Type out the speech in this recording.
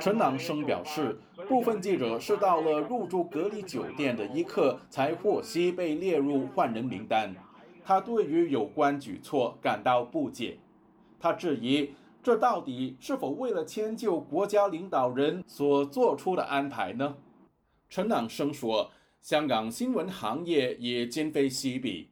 陳朗生表示，部分記者是到了入住隔離酒店的一刻，才獲悉被列入換人名單。他對於有關舉措感到不解，他質疑這到底是否為了遷就國家領導人所做出的安排呢？陳朗生說，香港新聞行業也今非昔比。